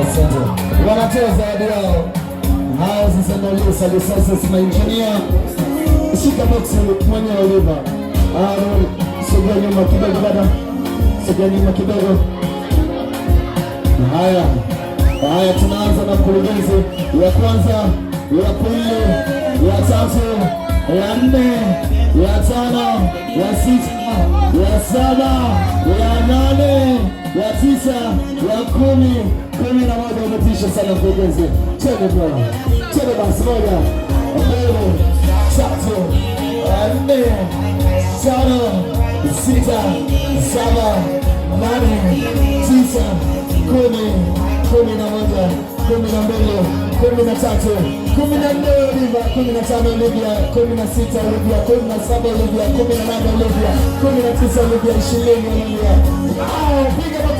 Asante. Wanatoa zawadi yao. Hao sasa ndio Lusa Lusa sasa ma injinia. Shika box mwenye Oliva. Ah, sogea nyuma kidogo dada. Sogea nyuma kidogo. Haya. Haya tunaanza na mkurugenzi ya kwanza, ya pili, ya tatu, ya nne, ya tano, ya sita, ya saba, ya nane ukurasa wa kumi kumi na moja umetisha sana kuegeze chene bwana chene basi moja mbili tatu nne tano sita saba nane tisa kumi kumi na moja kumi na mbili kumi na tatu kumi na nne Oliva, kumi na tano Olivia, kumi na sita Olivia, kumi na saba Olivia, kumi na nane Olivia, kumi na tisa Olivia, ishirini Olivia. Piga